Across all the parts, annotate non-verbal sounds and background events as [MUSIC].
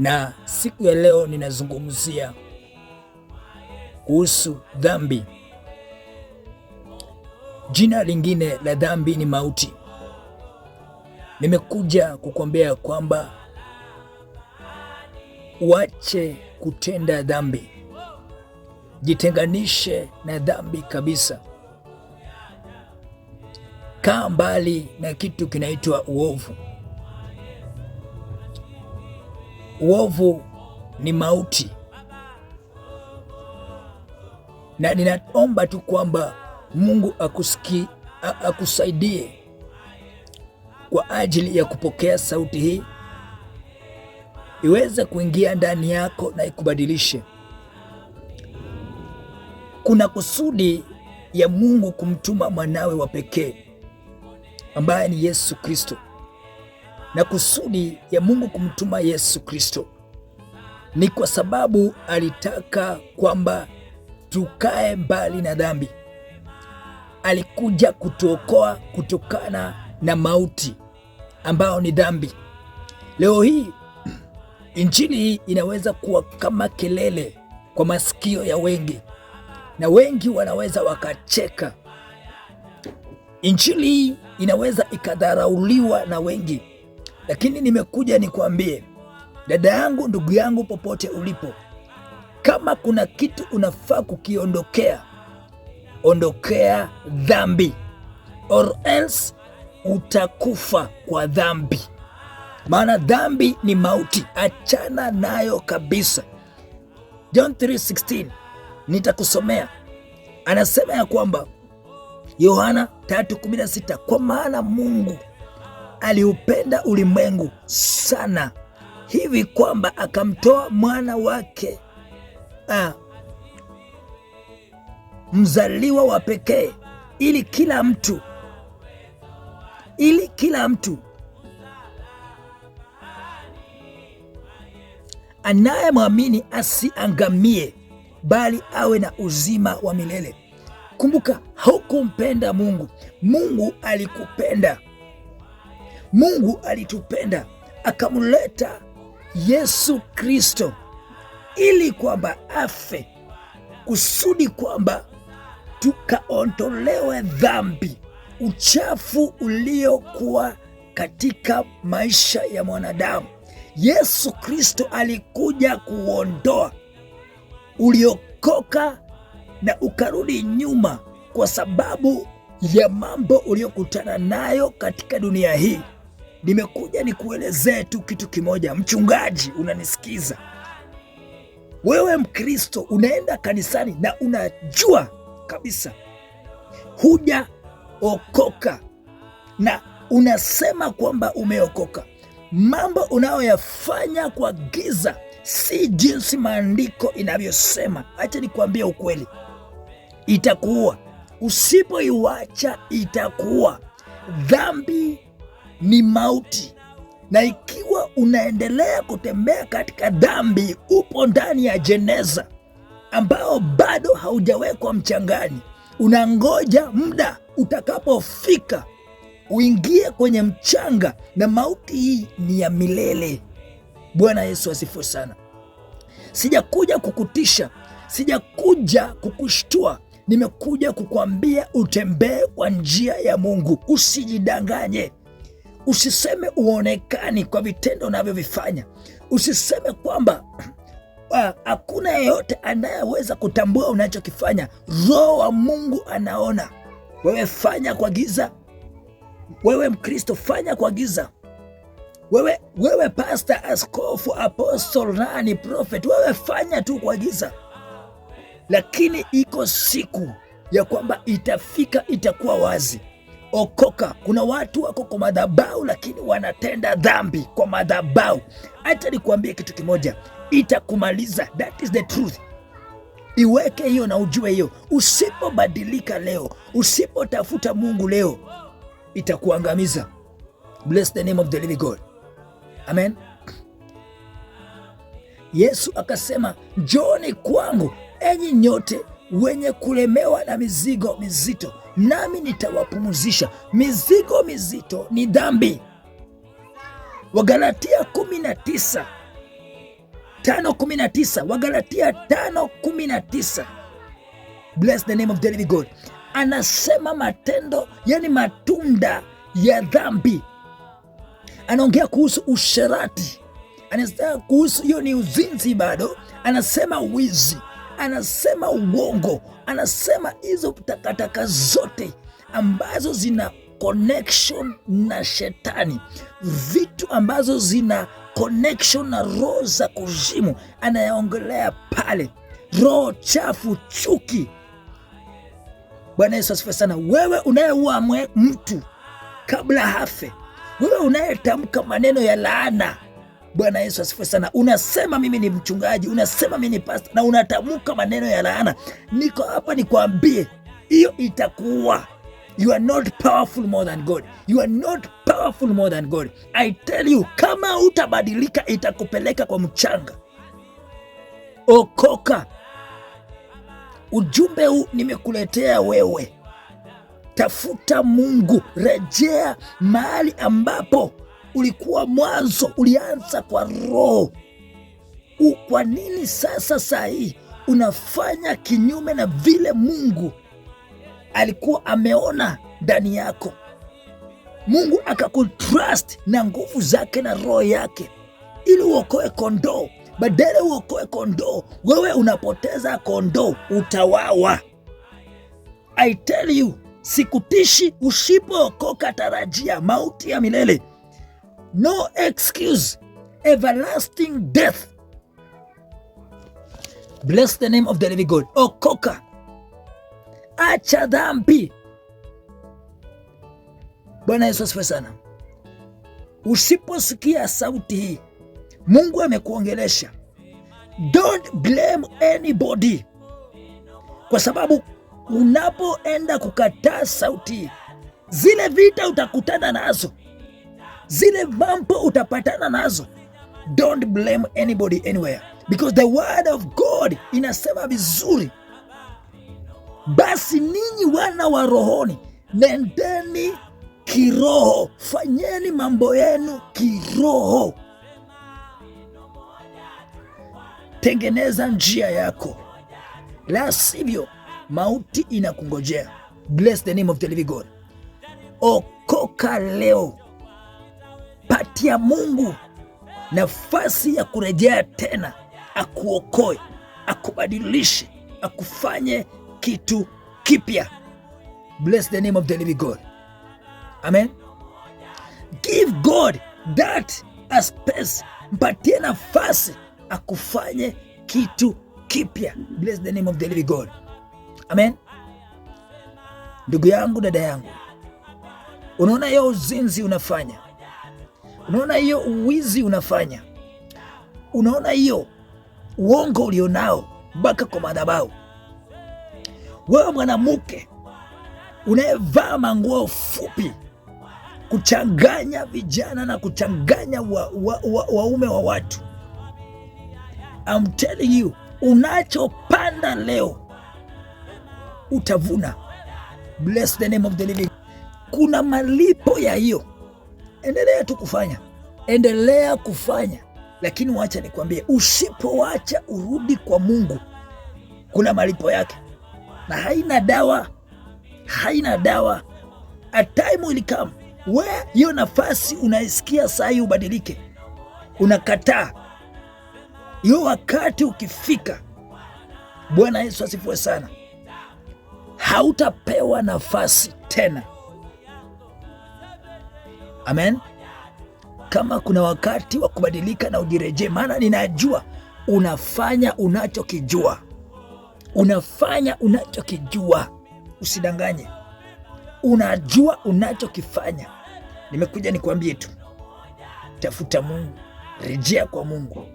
na siku ya leo ninazungumzia kuhusu dhambi. Jina lingine la dhambi ni mauti. Nimekuja kukuambia kwamba uache kutenda dhambi, jitenganishe na dhambi kabisa. Kaa mbali na kitu kinaitwa uovu. uovu ni mauti, na ninaomba tu kwamba Mungu akusiki, akusaidie kwa ajili ya kupokea sauti hii iweze kuingia ndani yako na ikubadilishe. Kuna kusudi ya Mungu kumtuma mwanawe wa pekee ambaye ni Yesu Kristo na kusudi ya Mungu kumtuma Yesu Kristo ni kwa sababu alitaka kwamba tukae mbali na dhambi. Alikuja kutuokoa kutokana na mauti ambayo ni dhambi. Leo hii [CLEARS THROAT] injili hii inaweza kuwa kama kelele kwa masikio ya wengi, na wengi wanaweza wakacheka. Injili hii inaweza ikadharauliwa na wengi lakini nimekuja nikuambie dada yangu, ndugu yangu, popote ulipo, kama kuna kitu unafaa kukiondokea, ondokea dhambi, or else utakufa kwa dhambi, maana dhambi ni mauti. Achana nayo kabisa. John 3:16 nitakusomea, anasema ya kwamba Yohana 3:16 kwa maana Mungu aliupenda ulimwengu sana hivi kwamba akamtoa mwana wake a, mzaliwa wa pekee ili kila mtu ili kila mtu anayemwamini asiangamie bali awe na uzima wa milele. Kumbuka, haukumpenda Mungu, Mungu alikupenda. Mungu alitupenda akamleta Yesu Kristo ili kwamba afe, kusudi kwamba tukaondolewe dhambi, uchafu uliokuwa katika maisha ya mwanadamu. Yesu Kristo alikuja kuondoa uliokoka na ukarudi nyuma kwa sababu ya mambo uliyokutana nayo katika dunia hii nimekuja nikuelezee tu kitu kimoja. Mchungaji, unanisikiza wewe, Mkristo unaenda kanisani na unajua kabisa hujaokoka na unasema kwamba umeokoka. Mambo unayoyafanya kwa giza si jinsi maandiko inavyosema. Acha kuambia ukweli, itakuwa usipoiwacha, itakuwa dhambi ni mauti, na ikiwa unaendelea kutembea katika dhambi, upo ndani ya jeneza ambao bado haujawekwa mchangani, unangoja muda utakapofika uingie kwenye mchanga, na mauti hii ni ya milele. Bwana Yesu asifiwe sana. Sijakuja kukutisha, sijakuja kukushtua, nimekuja kukuambia utembee kwa njia ya Mungu, usijidanganye. Usiseme uonekani kwa vitendo unavyovifanya. Usiseme kwamba [CLEARS THROAT] ah, hakuna yeyote anayeweza kutambua unachokifanya. Roho wa Mungu anaona. Wewe fanya kwa giza. Wewe Mkristo fanya kwa giza. Wewe, wewe pasta, askofu, apostol, nani, profet, wewe fanya tu kwa giza, lakini iko siku ya kwamba itafika, itakuwa wazi okoka. Kuna watu wako kwa madhabahu, lakini wanatenda dhambi kwa madhabahu. Acha nikuambie kitu kimoja, itakumaliza. That is the truth. Iweke hiyo na ujue hiyo. Usipobadilika leo, usipotafuta Mungu leo, itakuangamiza. Bless the name of the living God. Amen. Yesu akasema, njoni kwangu enyi nyote wenye kulemewa na mizigo mizito nami nitawapumzisha. Mizigo mizito ni dhambi. Wagalatia 19 tano kumi na tisa. Wagalatia tano kumi na tisa. Bless the name of the living God. Anasema matendo, yani matunda ya dhambi, anaongea kuhusu usherati, anasema kuhusu hiyo ni uzinzi, bado anasema wizi, anasema uongo, anasema hizo takataka zote ambazo zina connection na shetani, vitu ambazo zina connection na roho za kuzimu, anayaongelea pale, roho chafu, chuki. Bwana Yesu asifiwe sana. Wewe unayeua mtu kabla hafe, wewe unayetamka maneno ya laana Bwana Yesu asifiwe sana. Unasema mimi ni mchungaji, unasema mimi ni pasta na unatamka maneno ya laana. Niko hapa nikwambie, hiyo itakuwa You are not powerful more than God. You are not powerful more than God. I tell you, kama utabadilika itakupeleka kwa mchanga. Okoka. Ujumbe huu nimekuletea wewe. Tafuta Mungu, rejea mahali ambapo ulikuwa mwanzo, ulianza kwa roho. Kwa nini sasa saa hii unafanya kinyume na vile Mungu alikuwa ameona ndani yako? Mungu akakutrust na nguvu zake na roho yake ili uokoe kondoo. Badala uokoe kondoo, wewe unapoteza kondoo, utawawa. I tell you, sikutishi. Usipookoka tarajia mauti ya milele no excuse, everlasting death. Bless the name of the living God. Okoka, acha dhambi. Bwana Yesu asifiwe sana. Usiposikia sauti hii, Mungu amekuongelesha. Don't blame anybody, kwa sababu unapoenda kukataa sauti, zile vita utakutana nazo zile mambo utapatana nazo. Don't blame anybody anywhere because the word of God inasema vizuri, basi ninyi wana wa rohoni, nendeni kiroho, fanyeni mambo yenu kiroho, tengeneza njia yako, la sivyo mauti inakungojea. Bless the name of the living God. Okoka leo anampatia Mungu nafasi ya kurejea tena, akuokoe, akubadilishe, akufanye kitu kipya. Bless the name of the living God. Amen. Give God that a space, mpatie nafasi akufanye kitu kipya. Bless the name of the living God. Amen. Ndugu yangu, dada yangu, unaona hiyo uzinzi unafanya Unaona hiyo uwizi unafanya, unaona hiyo uongo ulionao mpaka kwa madhabahu. Wewe mwanamke unayevaa manguo fupi kuchanganya vijana na kuchanganya waume wa, wa, wa, wa watu, I'm telling you, unachopanda leo utavuna. Bless the name of the living. Kuna malipo ya hiyo endelea tu kufanya, endelea kufanya, lakini wacha nikwambie, usipowacha urudi kwa Mungu, kuna malipo yake, na haina dawa, haina dawa. A time will come where hiyo nafasi unaisikia saa hii ubadilike, unakataa hiyo. Wakati ukifika, Bwana Yesu asifiwe sana, hautapewa nafasi tena. Amen. Kama kuna wakati wa kubadilika na ujirejee, maana ninajua unafanya unachokijua, unafanya unachokijua. Usidanganye, unajua unachokifanya. Nimekuja nikuambie tu, tafuta Mungu, rejea kwa Mungu,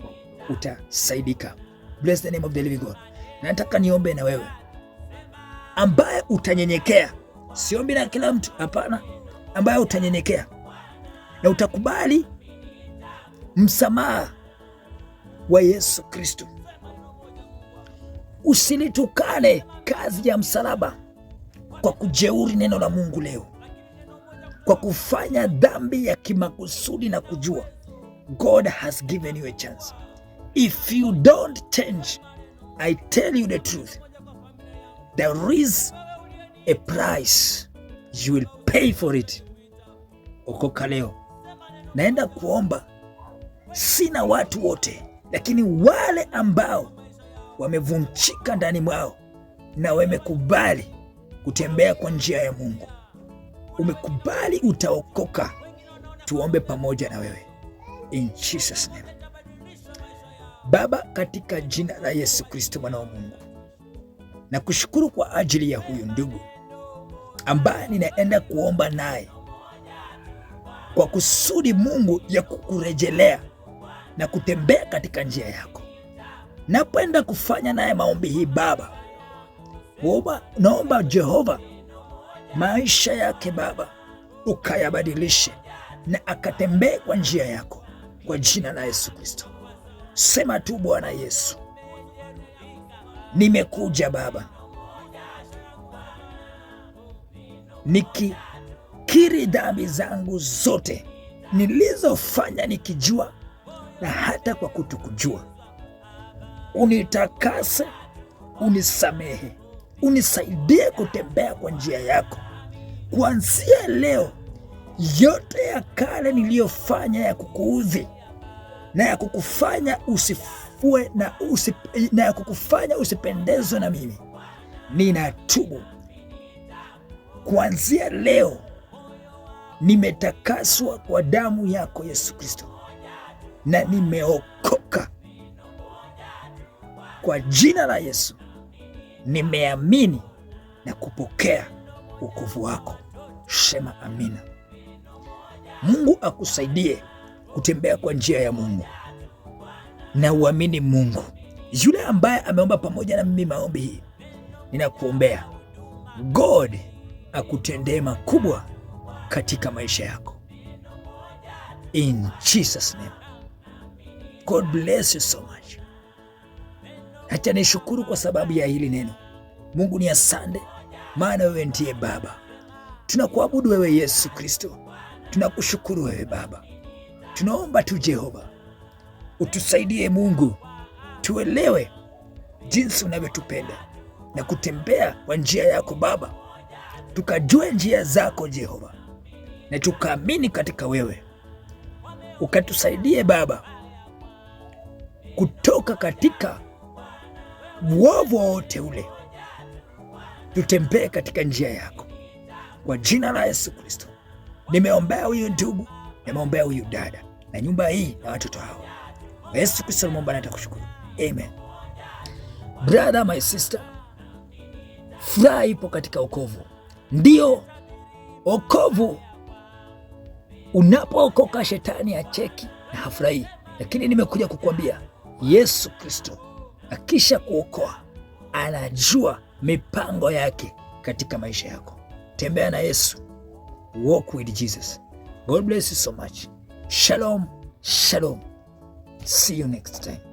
utasaidika. Bless the name of the living God. Nataka niombe na wewe ambaye utanyenyekea, siombi na kila mtu hapana, ambaye utanyenyekea na utakubali msamaha wa Yesu Kristo. Usilitukane kazi ya msalaba kwa kujeuri neno la Mungu leo, kwa kufanya dhambi ya kimakusudi na kujua. God has given you a chance. If you don't change, I tell you the truth. There is a price you will pay for it. Okoka leo naenda kuomba, sina watu wote, lakini wale ambao wamevunjika ndani mwao na wamekubali kutembea kwa njia ya Mungu, umekubali utaokoka. Tuombe pamoja na wewe. In Jesus name. Baba, katika jina la Yesu Kristo mwana wa Mungu, nakushukuru kwa ajili ya huyu ndugu ambaye ninaenda kuomba naye kwa kusudi Mungu ya kukurejelea na kutembea katika njia yako. Napenda kufanya naye maombi hii. Baba, Oba, naomba Jehova maisha yake Baba ukayabadilishe na akatembee kwa njia yako kwa jina la Yesu Kristo. Sema tu Bwana Yesu, nimekuja Baba niki nimekiri dhambi zangu zote nilizofanya nikijua na hata kwa kutokujua. Unitakase, unisamehe, unisaidie kutembea kwa njia yako. Kuanzia leo, yote ya kale niliyofanya ya kukuudhi na ya kukufanya usifue na, usip, na ya kukufanya usipendezwe na mimi, ninatubu kuanzia leo nimetakaswa kwa damu yako Yesu Kristo, na nimeokoka kwa jina la Yesu. Nimeamini na kupokea wokovu wako. Sema amina. Mungu akusaidie kutembea kwa njia ya Mungu na uamini Mungu. Yule ambaye ameomba pamoja na mimi maombi hii, ninakuombea God akutendee makubwa katika maisha yako in Jesus name. God bless you so much. Hata nishukuru kwa sababu ya hili neno. Mungu ni asante, maana wewe ndiye Baba. Tunakuabudu wewe Yesu Kristo, tunakushukuru wewe Baba. Tunaomba tu Jehova utusaidie Mungu, tuelewe jinsi unavyotupenda na kutembea kwa njia yako Baba, tukajue njia zako Jehova na tukaamini katika wewe, ukatusaidie Baba kutoka katika uovu wote ule, tutembee katika njia yako. Kwa jina la Yesu Kristo, nimeombea huyu ndugu, nimeombea huyu dada na nyumba hii na watoto hao. Yesu Kristo naomba na atakushukuru. amen. Brother, my sister, furaha ipo katika ukovu ndio okovu Unapookoka shetani acheki na hafurahi, lakini nimekuja kukuambia Yesu Kristo akisha kuokoa anajua mipango yake katika maisha yako. Tembea na Yesu, walk with Jesus. God bless you so much. Shalom, shalom. See you next time.